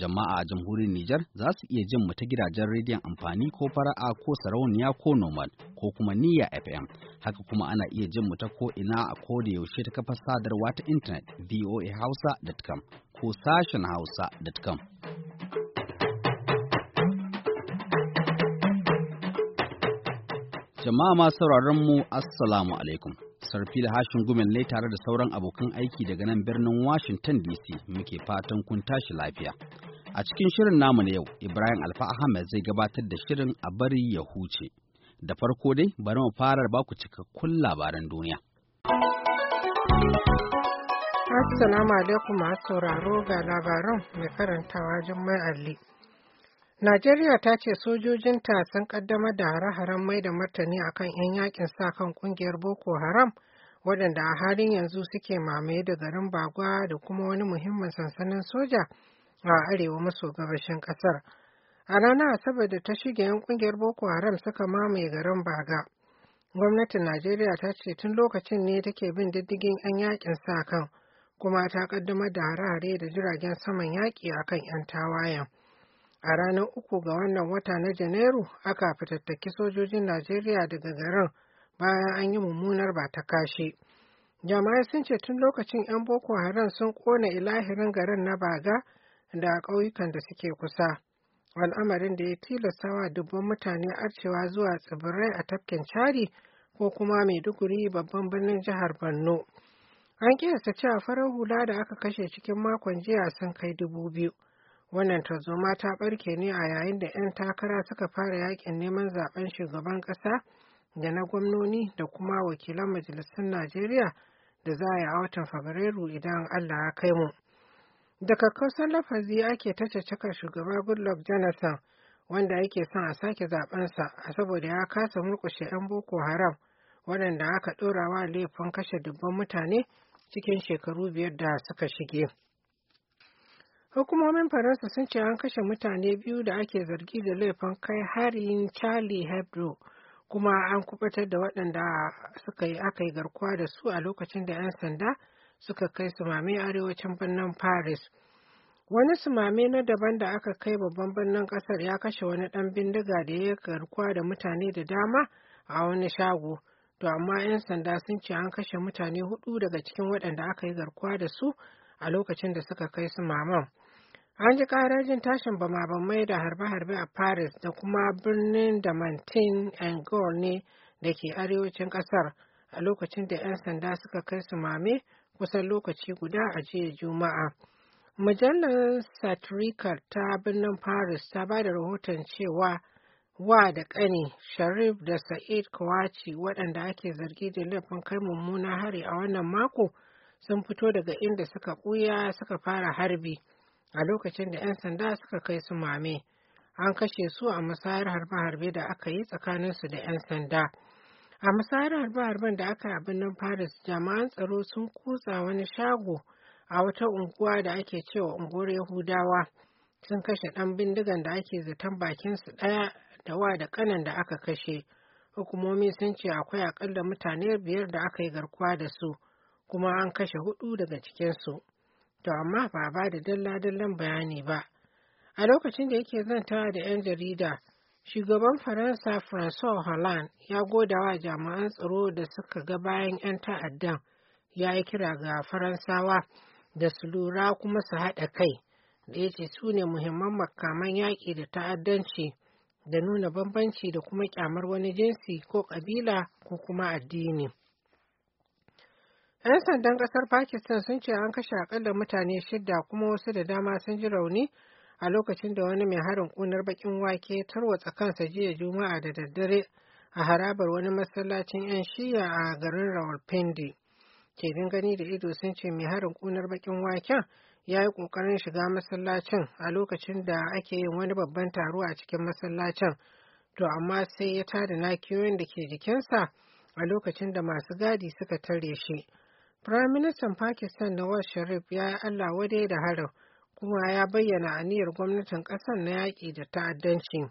jama'a a jamhuriyar Nijar za su iya jin mu ta gidajen rediyon amfani ko fara'a ko sarauniya ko normal ko kuma niyya FM. Haka kuma ana iya jin mu ta ko ina a ko da yaushe ta kafar sadarwa ta intanet voahausa.com ko sashen hausa.com. Jama'a ma sauraron mu Assalamu alaikum. sarfi hashin gumin ne tare da sauran abokan aiki daga nan birnin washington dc muke fatan kun tashi lafiya A cikin shirin namu na yau, Ibrahim Alfa Ahmed zai gabatar da shirin a bari ya huce. Da farko dai bari mu fara baku cikakkun labaran duniya. Assalamu alaikum masu sauraro ga labaran mai karantawa Jummai Ali. Najeriya ta ce sojojinta sun ƙaddamar da hare-haren mai da martani akan 'yan yakin sa kan kungiyar Boko Haram waɗanda a halin yanzu suke mamaye da garin Bagwa da kuma wani muhimmin sansanin soja a arewa maso gabashin kasar. A ranar Asabar da ta shige 'yan kungiyar Boko Haram suka mamaye garin Baga. Gwamnatin Najeriya ta ce tun lokacin ne take bin diddigin 'yan yakin sa kan kuma ta kaddamar da harare da jiragen saman yaƙi a kan 'yan tawayen. A ranar uku ga wannan wata na Janairu aka fitattaki sojojin Najeriya daga garin bayan an yi mummunar ba ta kashe. Jama'ai sun ce tun lokacin 'yan Boko Haram sun kona ilahirin garin na Baga da ƙauyukan da suke kusa al'amarin da ya tilastawa dubban mutane arcewa zuwa tsibirai a tafkin cari, ko kuma maiduguri babban birnin jihar borno an kiyasta cewa farar hula da aka kashe cikin makon jiya sun kai dubu biyu wannan tarzoma ta ɓarke ne a yayin da 'yan takara suka fara yakin neman zaben shugaban ƙasa da na gwamnoni da kuma wakilan majalisun najeriya da za a yi a watan fabrairu idan allah ya kai mu Da kakkausan lafazi ake ta caka shugaba Goodluck Jonathan wanda yake son a sake zabensa a saboda ya kasa murkushe 'yan Boko Haram waɗanda aka ɗora wa laifin kashe dubban mutane cikin shekaru biyar da suka shige. Hukumomin Faransa sun ce an kashe mutane biyu da ake zargi da laifin kai harin Charlie Hebdo kuma an kubatar da waɗanda suka aka yi garkuwa da su a lokacin da 'yan sanda suka kai sumame arewacin birnin Paris. Wani sumame na daban da aka kai babban birnin kasar ya kashe wani ɗan bindiga da ya garkuwa da mutane da dama a wani shago. To amma 'yan sanda sun ce an kashe mutane hudu daga cikin waɗanda aka yi garkuwa da su a lokacin da suka kai sumaman. An ji karajin tashin bama da harbe-harbe a Paris da kuma birnin da Mantin Angol ne da ke arewacin ƙasar a lokacin da 'yan sanda suka kai sumame kusan lokaci guda a jiya Juma'a. Mujallar Satirical ta birnin Paris ta ba da rahoton cewa wa da ƙani Sharif da Sa'id Kawaci waɗanda ake zargi da laifin kai mummuna hari a wannan mako sun fito daga inda suka ɓuya suka fara harbi a lokacin da 'yan sanda suka kai su mame. An kashe su a musayar harbe-harbe da aka yi tsakaninsu da 'yan sanda. A misalin harbe-harben da aka yi a birnin Paris, jami'an tsaro sun kutsa wani shago a wata unguwa da ake cewa unguwar Yahudawa. Sun kashe ɗan bindigan da ake zaton bakinsu ɗaya da wa da kanan da aka kashe. Hukumomi sun ce akwai akalla mutane biyar da aka yi garkuwa da su, kuma an kashe hudu daga cikinsu. To amma ba ba da dalla-dallan bayani ba. A lokacin da yake zantawa da 'yan jarida, Shugaban Faransa François Hollande ya goda wa jami'an tsaro da suka ga bayan 'yan ta'addan ya yi kira ga Faransawa da su lura kuma su haɗa kai da ya ce su ne muhimman makaman yaƙi da ta'addanci da nuna bambanci da kuma ƙyamar wani jinsi ko ƙabila ko kuma addini. 'Yan sandan ƙasar Pakistan sun ce an kashe akalla mutane shidda kuma wasu da dama sun ji rauni a lokacin da wani mai harin kunar bakin wake ya tarwatsa kansa jiya juma'a da daddare a harabar wani masallacin 'yan shiya a garin rawalpindi din gani da ido sun ce mai harin kunar bakin waken ya yi kokarin shiga masallacin a lokacin da ake yin wani babban taro a cikin masallacin to amma sai ya tada nakiyoyin da ke jikinsa a lokacin da masu gadi suka tare shi Firaministan Pakistan Nawaz Sharif ya yi Allah wadai da harin kuma ya bayyana aniyar gwamnatin ƙasar na yaƙi da ta'addanci.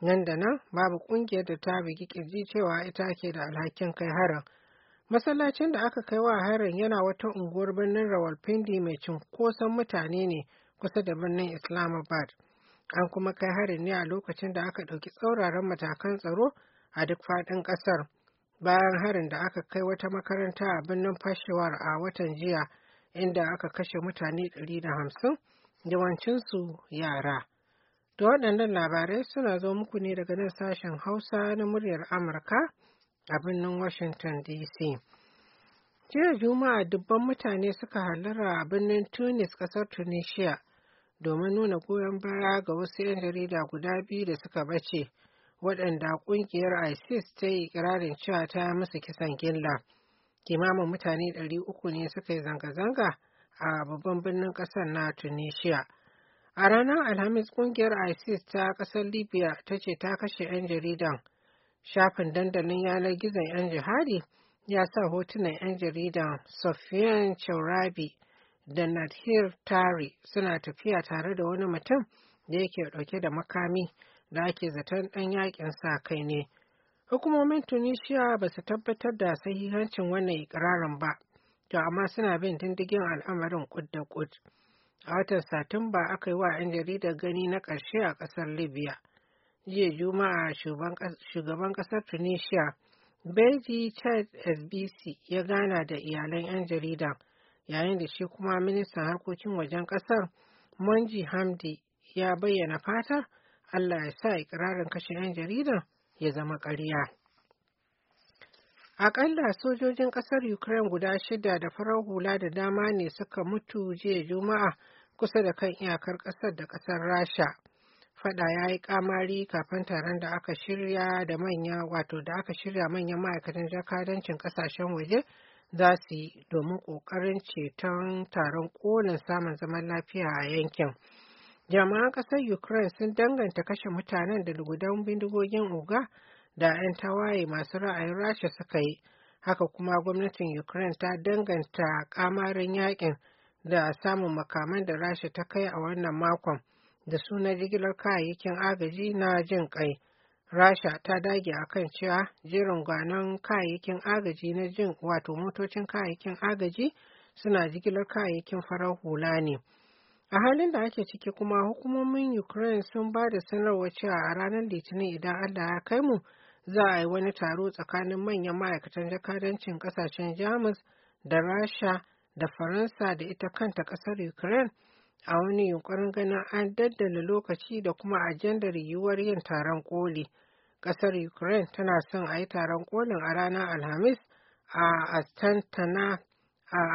Nan da nan babu ƙungiyar da ta bugi ƙirji cewa ita ke da alhakin kai harin. Masallacin da aka kai wa harin yana wata unguwar birnin Rawalpindi mai cunkoson mutane ne kusa da birnin Islamabad. An kuma kai harin ne a lokacin da aka ɗauki tsauraran matakan tsaro a duk faɗin ƙasar. Bayan harin da aka kai wata makaranta a birnin fashewar a watan jiya inda aka kashe mutane ɗari da hamsin yawancinsu yara. Da waɗannan labarai suna zo muku ne daga nan sashen Hausa na muryar Amurka a birnin Washington DC. Jiya Juma'a dubban mutane suka halara a birnin Tunis ƙasar Tunisia domin nuna goyon baya ga wasu 'yan jarida guda biyu da suka bace waɗanda ƙungiyar ISIS ta yi ƙirarin cewa ta musu kisan gilla. Kimamin mutane ɗari uku ne suka yi zanga-zanga. a babban birnin ƙasar na Tunisia. A ranar Alhamis kungiyar ISIS ta ƙasar Libya ta ce ta kashe 'yan jaridan. Shafin dandalin yanar gizon 'yan jihadi ya sa hotunan 'yan jaridan Sofiyan Chaurabi da Nadhir Tari suna tafiya tare da wani mutum da yake dauke da makami da ake zaton ɗan yakin sa kai ne. Hukumomin Tunisia ba su tabbatar da sahihancin wannan ikirarin ba. to amma suna bin tindigin al'amarin kud da kud. A watan Satumba aka yi wa 'yan jaridar gani na ƙarshe a ƙasar Libya. Jiya Juma'a shugaban ƙasar Tunisia, Beji Chad SBC ya gana da iyalan 'yan jarida yayin da shi kuma ministan harkokin wajen ƙasar Monji Hamdi ya bayyana fata Allah ya sa ikirarin kashe 'yan jaridan ya zama ƙarya. Akalla sojojin ƙasar Ukraine guda shida da farar hula da dama ne suka mutu jiya Juma'a kusa da kan iyakar ƙasar da ƙasar Rasha. Fada ya yi kamari kafin taron da aka shirya da manya wato da aka shirya manyan ma'aikatan jakadancin ƙasashen waje za su yi domin ƙoƙarin ceton taron ƙolin samun zaman lafiya a yankin. Jama'an ƙasar Ukraine sun danganta kashe mutanen da lugudan bindigogin Uga da 'yan tawaye masu ra'ayin rasha suka yi haka kuma gwamnatin ukraine ta danganta kamarin yakin da samun makaman da rasha ta kai a wannan makon da suna jigilar kayayyakin agaji na jin kai rasha ta dage akan cewa jirin gwanon kayayyakin agaji na jin wato motocin kayayyakin agaji suna jigilar kayayyakin farar hula ne a halin da ake ciki kuma hukumomin ukraine sun ba da sanarwa cewa a ranar litinin idan allah ya kai mu za a yi wani taro tsakanin manyan ma'aikatan jakadancin kasashen jamus da rasha da faransa da ita kanta kasar ukraine a wani yunkurin ganin an daddala lokaci da kuma ajandar yiwuwar yin taron koli kasar ukraine tana son a yi taron kolin a ranar alhamis a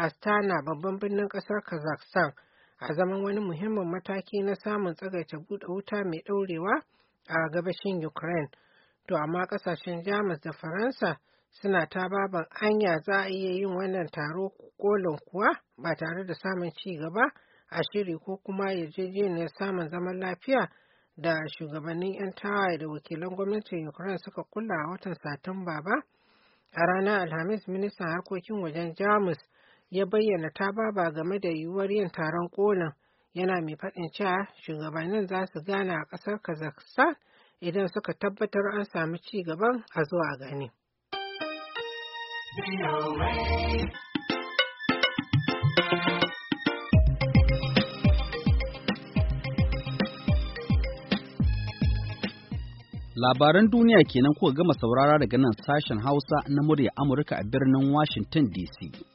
astana babban birnin kasar kazakhstan a zaman wani muhimmin mataki na samun tsagaita buɗe wuta mai ɗaurewa a gabashin ukraine To amma kasashen Jamus da Faransa suna ta baban anya za a iya yin wannan taro kolin kuwa ba tare da samun ci gaba a shiri ko kuma yarjejeniyar samun zaman lafiya da shugabannin 'yan tawaye da wakilan gwamnatin Ukraine suka kula a watan Satumba ba. A ranar Alhamis, ministan harkokin wajen Jamus ya bayyana ta baba game da yiwuwar yin taron kolin yana mai faɗin cewa shugabannin za su gana a ƙasar Kazakhstan idan suka tabbatar an sami ci gaban a zuwa a gani. Labaran duniya kenan kuka gama saurara daga nan sashen Hausa na murya Amurka a birnin Washington DC.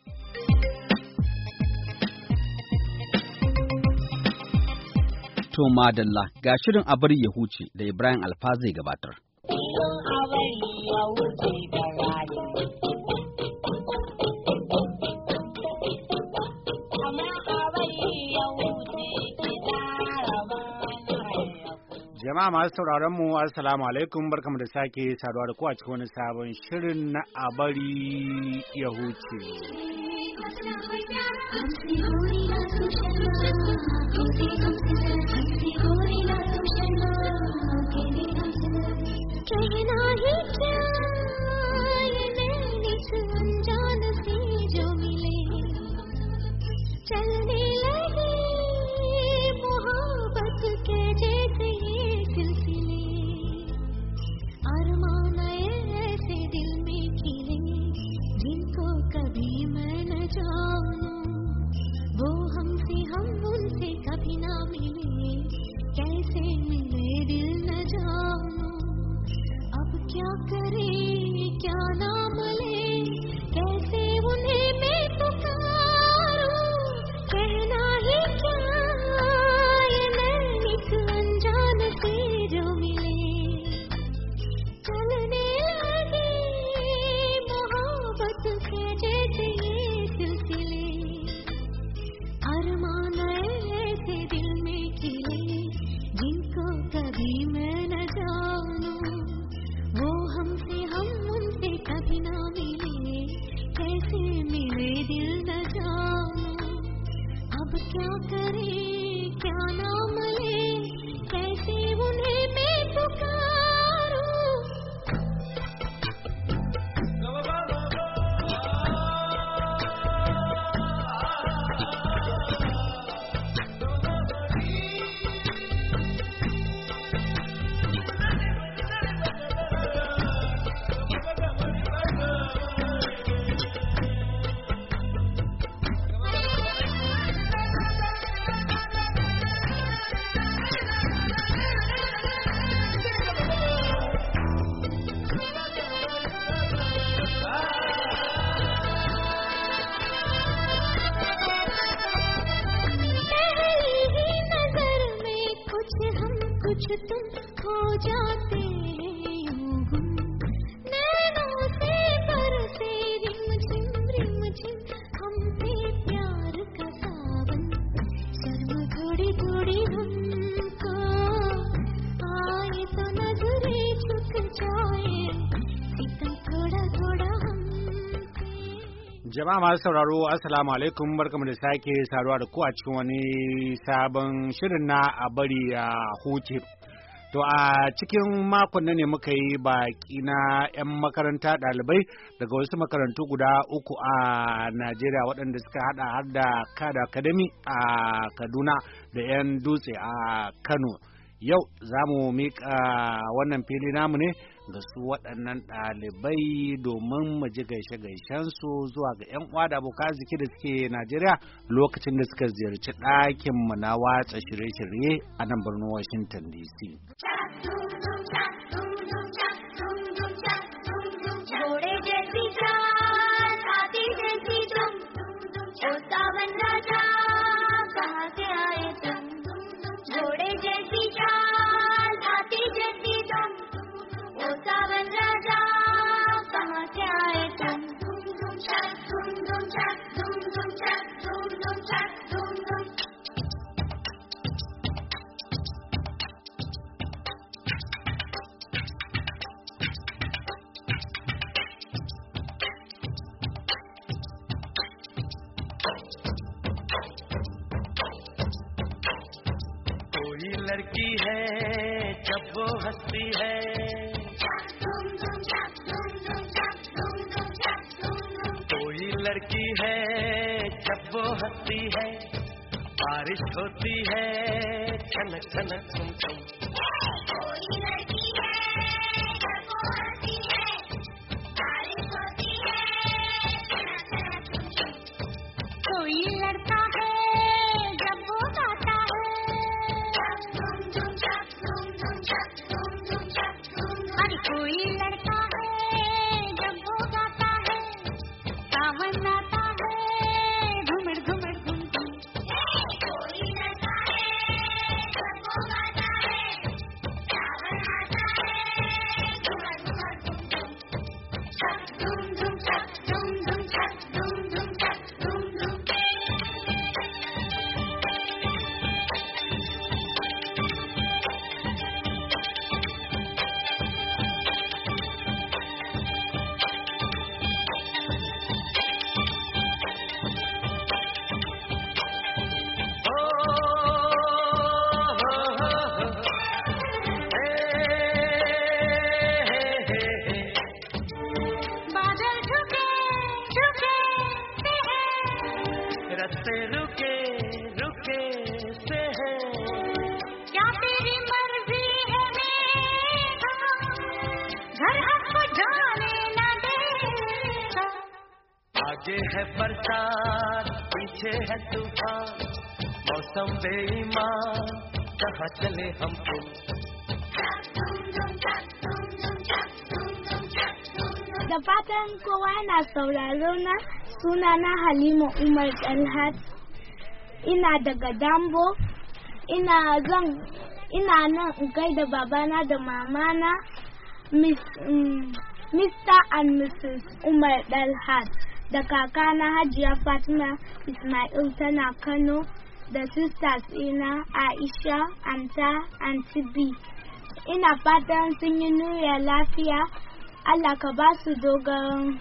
To madalla ga shirin a bari ya huce da Ibrahim Alfa zai gabatar. Jama'a masu sauraron asalamu alaikum barkamu da sake saduwa da ku a cikin wani sabon shirin na abari ya huce. 恭喜你拿什恭喜恭喜！恭喜那一天。Jama'a masu sauraro Assalamu alaikum barkamu da sake saruwa da ku a cikin wani sabon shirin na a bari a huce. To a cikin makon ne muka yi baki na 'yan makaranta ɗalibai daga wasu makarantu guda uku a Najeriya waɗanda suka hada har da Kada akademi a Kaduna da 'yan Dutse a Kano. Yau za mu miƙa wannan fili namu ne ga su waɗannan ɗalibai domin mu ji gaishe gaishen su zuwa ga 'yan uwa da abokan arziki da suke Najeriya lokacin da suka ziyarci ɗakin mu na watsa shirye-shirye a nan birnin Washington DC. Let's go. कैसे है क्या तेरी मर्जी है घर हमको जाने ना दे आगे है प्रचार पीछे है तूफान मौसम बेईमान कहा चले हम तुम Da fatan kowa yana sauraro na sunana Halima Umar Dalhat. ina daga dambo ina zan ina nan in da babana da mamana Miss, um, mm, Mr. and Mrs. Umar Dalhat da kakana Hajiya Fatima Ismail tana Kano da sisters ina Aisha, Anta, and Tibi. Ina fatan sun yi nuriya lafiya, Allah ka ba su dogon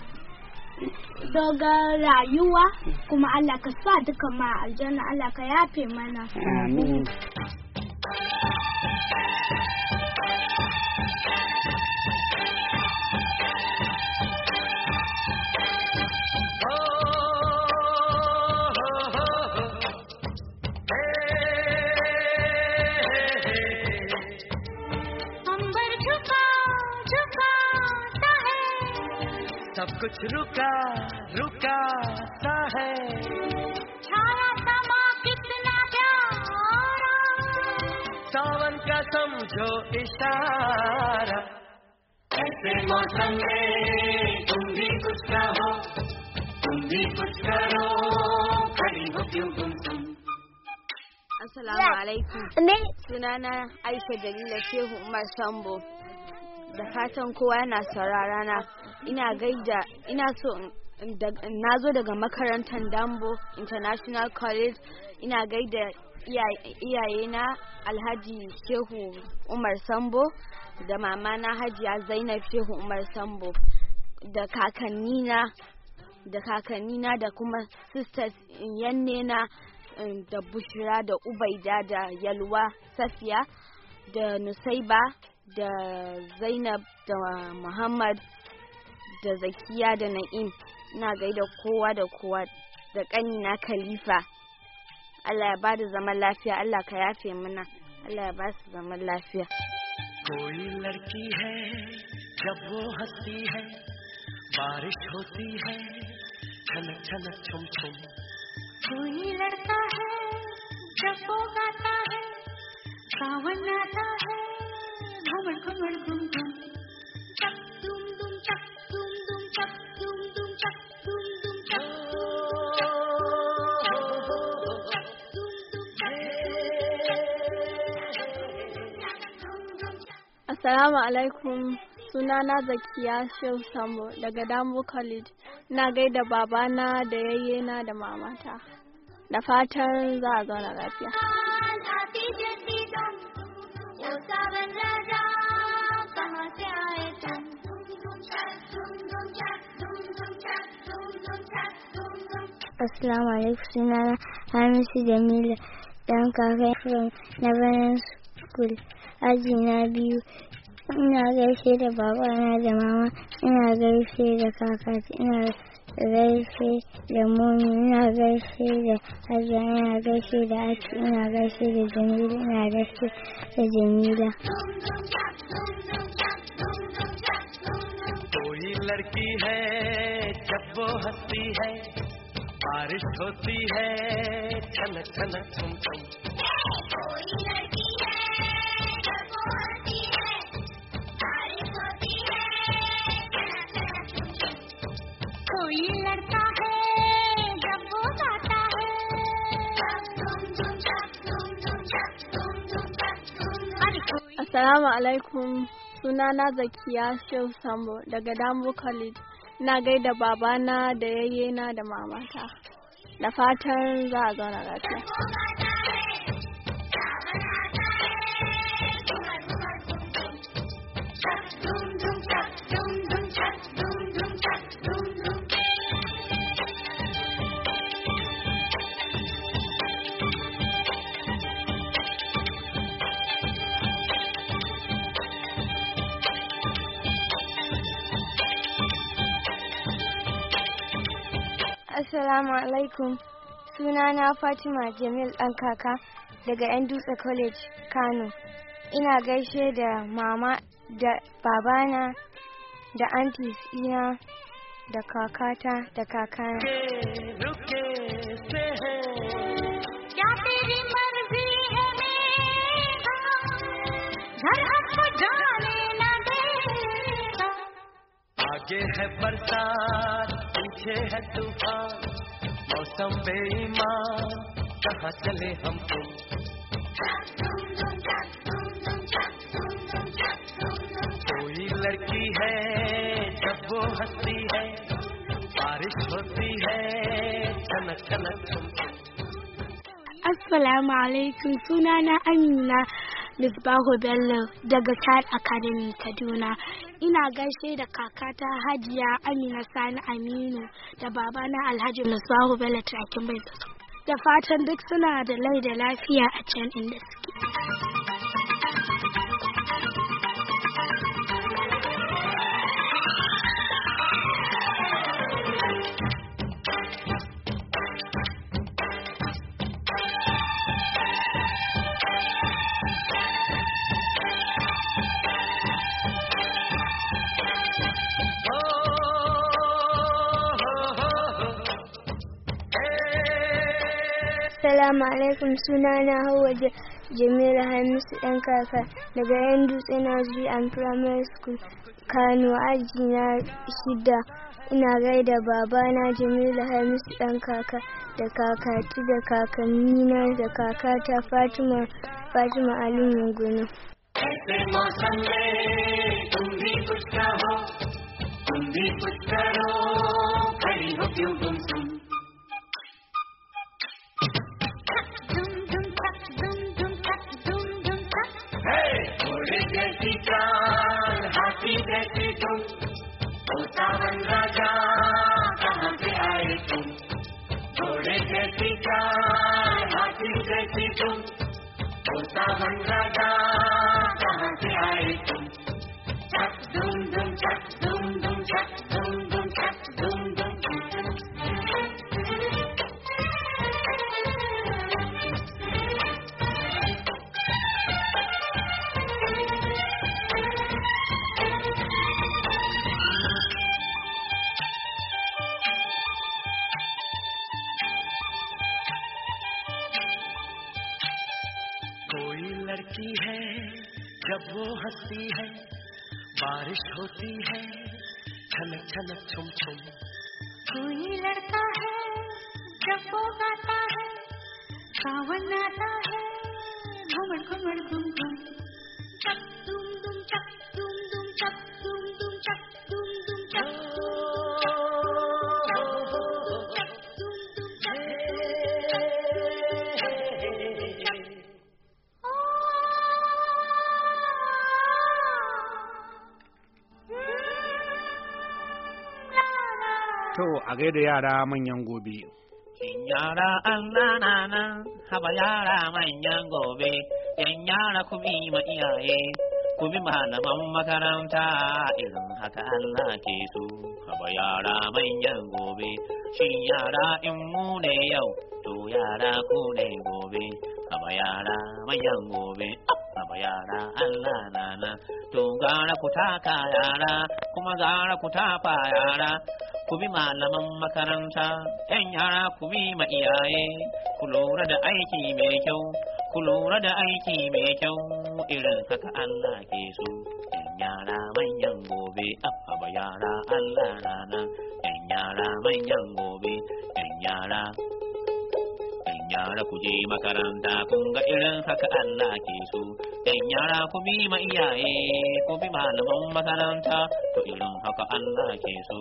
dogon rayuwa kuma Allah ka sa duka ma aljanna Allah ka yafe mana amin कुछ रुका रुका सा है छाया समा कितना प्यारा सावन का समझो इशारा ऐसे मौसम में तुम भी कुछ कहो तुम भी कुछ करो खड़ी हो क्यों तुम तुम Assalamu सुनाना Sunana Aisha Jalila हूँ मैं Sambo. da fatan kowa yana saurara na ina gaida ina so na zo daga makarantar dambo international college ina gaida iyayena alhaji shehu umar sambo da mamana hajiya zainab shehu umar sambo da kakannina da kakannina da kuma sisters yannena eh, da bushira da ubaida da yalwa safiya da nusaiba da Zainab da Muhammad da Zakiya da Na'im ina gaida kowa da kowa da na Khalifa Allah ya ba da zaman lafiya Allah ka yafe mana Allah ya ba su zaman lafiya कोई लड़की है जब वो हंसती है बारिश होती है छलक छलक छुम छुम कोई लड़का है जब वो गाता है सावन आता है asalamu Assalamu alaikum sunana Zakiya Shehu Sambo daga Damo College na gaida babana da yayyena da mamata da fatan za a zauna lafiya. Assalamu alaikum sunana Hamisu Jamilu dan kaka from Neverland School. Aji na biyu. Ina gaishe da babana da mama, ina gaishe da kakata, ina gaishe da momi, ina gaishe da hajiya, ina gaishe da aki, ina gaishe da jamilu, ina gaishe da jamila. लड़की है जब वो हंसती है बारिश होती है छनक छनक छम छम कोई लड़ता है जब वो गाता है Assalamu alaikum sunana Zakiya Shehu Sambo daga Dambo College na gaida babana da yayyena da mamata da fatan za a zauna lafiya Assalamu alaikum. na Fatima Jamil ɗan kaka daga 'yan dutse college Kano. Ina gaishe da mama da babana da aunties ina da kakata da kakana. ake है बरसात पीछे है तूफान मौसम बेईमान कहाँ चले हम तुम कोई लड़की है जब वो हंसती है बारिश होती है चनक चनक Assalamu alaikum sunana Amina Misbahu Bello daga Star Academy Kaduna Ina gaishe da kakata Hajiya Amina Sani Aminu da babana Alhaji Musahu Bello Trakin Bai Da fatan duk suna da lai da lafiya a can inda suke. Assalamu alaikum suna na hawa Jamilu Hamisu ɗan kaka daga yan dutse zuwa an Primary School Kano aji na shida ina gaida babana Jamilu Hamisu ɗan kaka da kakati da kakannina da kakata Fatima Fatima Ali Mungunu. तुम भी कुछ करो खड़ी हो क्यों तुम घोड़े जैसी चाल हाथी जैसी तुम तोता बन राजा कहाँ से आए तुम घोड़े जैसी चाल हाथी जैसी तुम तोता बन राजा कहाँ से आए तुम चक दुम दुम चक दुम दुम चक दुम दुम 就阿爷爷的满眼古币。Yan yara Allah na nan, haba yara manyan gobe, yan yara ku bi ma iyaye, ku bi malaman makaranta irin haka Allah ke so. Haba yara manyan gobe, shin yara in mu ne yau, to yara ku ne gobe. Haba yara manyan gobe, haba yara Allah na to gara ku taka yara, kuma gara ku tafa yara. ku bi malaman makaranta, ‘yan yara ku bi ma iyaye, ku lura da aiki mai kyau, ku lura da aiki mai kyau, irin haka Allah ke so. ‘Yan yara manyan gobe, abba yara Allah rana, ‘yan yara manyan gobe, ‘yan yara. ‘Yan yara ku je makaranta, kun ga irin haka Allah ke so. ‘Yan yara ku bi ma iyaye, ku bi malaman makaranta, to irin haka Allah ke so.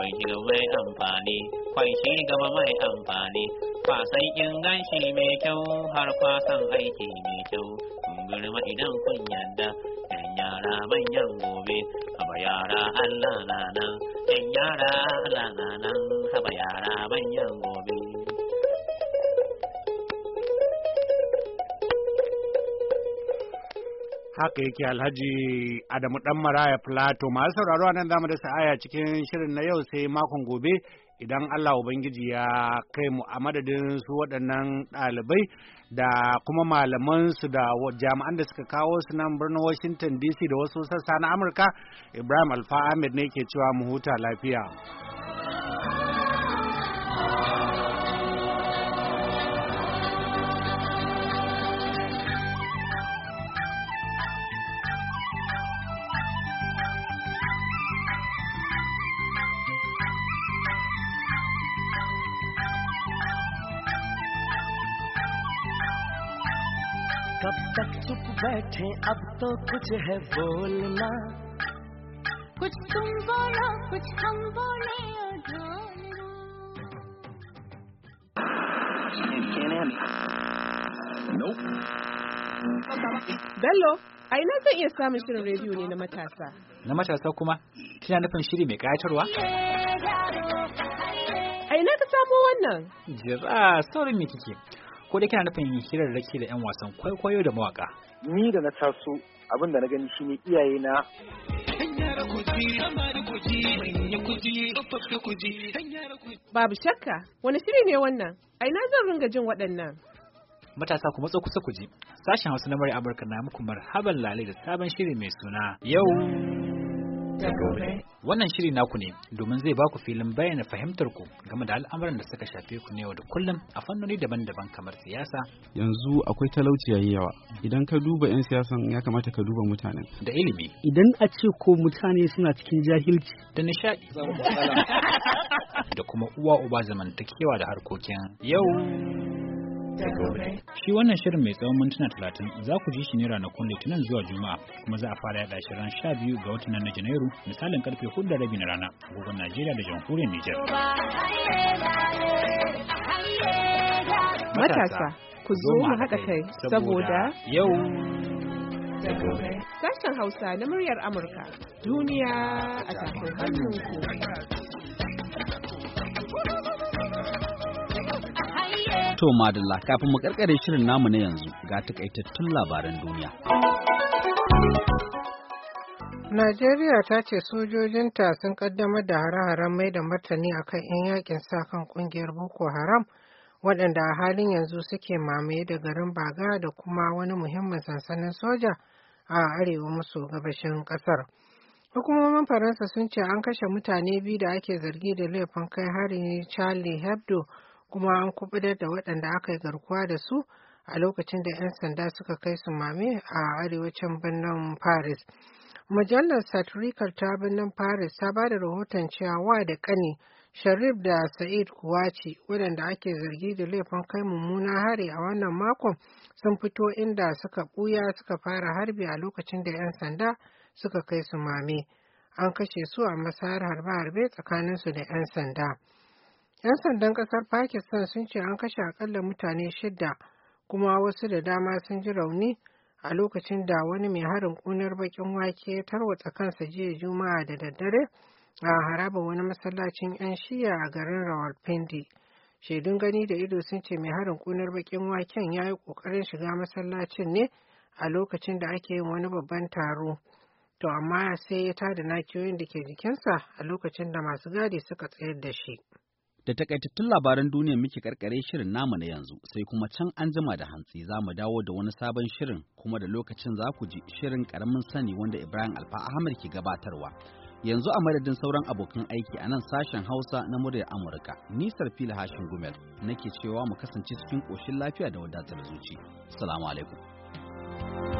kwai shiga mai amfani kwai shi gaba mai amfani kwasan inganci kyau har kwasan aiki mai kyau kun girma idan kun yadda yan yara manyan gobe haba yara allah gobe haka yake alhaji adamu dan maraya plato masu sauraro nan zamu da sa'aya cikin shirin na yau sai makon gobe idan allah ubangiji ya kai mu a madadin su waɗannan ɗalibai da kuma malaman su da jami'an da suka kawo su nan birnin washington dc da wasu sassa na amurka ibrahim alfa ahmed ne ke cewa mu huta lafiya कब तक चुप बैठे अब तो कुछ है बोलना कुछ तुम बोलो कुछ हम बोले Bello, a ina zan iya samun shirin rediyo ne na matasa. Na matasa kuma, kina nufin shiri mai ƙayatarwa? A ina ka samo wannan? Jira, saurin ne kike. ko da kina nufin rake da 'yan wasan kwaikwayo da mawaka. Ni da na taso abin da na gani shine iyaye na Babu shakka, wani shiri ne wannan? ina zan ringa jin waɗannan. Matasa kuma matso kusa ku ji. Sashen Hausa na Amurka na muku marhaban lalai da sabon shiri mai suna yau. Wannan shiri naku ne domin zai baku filin bayyana fahimtar ku game da al'amuran da suka shafe ku ne yau da kullum a fannoni daban-daban kamar siyasa. Yanzu akwai talauci yayi yawa. Idan ka duba 'yan siyasan ya kamata ka duba mutanen. Da ilimi. Idan a ce ko mutane suna cikin jahilci. Da nishaɗi. Da kuma uwa uba zamantakewa da harkokin yau Shi wannan shirin mai tsawon mintuna talatin za ku ji shi ne ranakun Litinin zuwa Juma'a kuma za a fara yaɗa shi ran sha biyu ga watan na Janairu misalin karfe hudu da rabi na rana agogon Najeriya da jamhuriyar Nijar. Matasa ku zo mu haɗa kai saboda yau Sashen Hausa na muryar Amurka duniya a tafin hannunku. To Madalla kafin mu karkare shirin namu na yanzu ga takaitattun labaran duniya. Najeriya ta ce sojojinta sun kaddamar da hare-haren mai da martani a kan 'yan yakin sa kan kungiyar Boko Haram waɗanda a halin yanzu suke mamaye da garin Baga da kuma wani muhimmin sansanin soja a arewa maso gabashin ƙasar. Hukumomin Faransa sun ce an kashe mutane biyu da ake zargi da laifin kai hari Charlie Hebdo kuma an kubutar da waɗanda aka yi garkuwa da su a lokacin da 'yan sanda suka kai su mame a arewacin birnin paris mujallar satirical ta birnin paris ta ba da rahoton cewa wa da kani sharif da sa'id kuwaci waɗanda ake zargi da laifin kai mummuna hari a wannan makon sun fito inda suka ɓuya suka fara harbi a lokacin da 'yan sanda suka kai su mame an kashe su a masayar harbe-harbe tsakaninsu da 'yan sanda. 'Yan sandan ƙasar Pakistan sun ce an kashe akalla mutane shida kuma wasu da dama sun ji rauni a lokacin da wani mai harin ƙunar bakin wake ya tarwatsa kansa jiya Juma'a da daddare a haraba wani masallacin 'yan shiya a garin Rawalpindi. Shaidun gani da ido sun ce mai harin ƙunar baƙin waken ya yi ƙoƙarin shiga masallacin ne a lokacin da ake yin wani babban taro. To amma sai ya tada nakiyoyin da ke jikinsa a lokacin da masu gadi suka tsayar da shi. Da takaitattun labaran duniya muke karkare shirin namu na yanzu sai kuma can an jima da hantsi za mu dawo da wani sabon shirin kuma da lokacin za ku ji shirin karamin sani wanda Ibrahim Alfa Ahmad ke gabatarwa. Yanzu a madadin sauran abokan aiki a nan sashen Hausa na muryar Amurka, nisar fili hashin gumel nake cewa mu kasance cikin koshin lafiya da wadatar zuci. Salamu alaikum.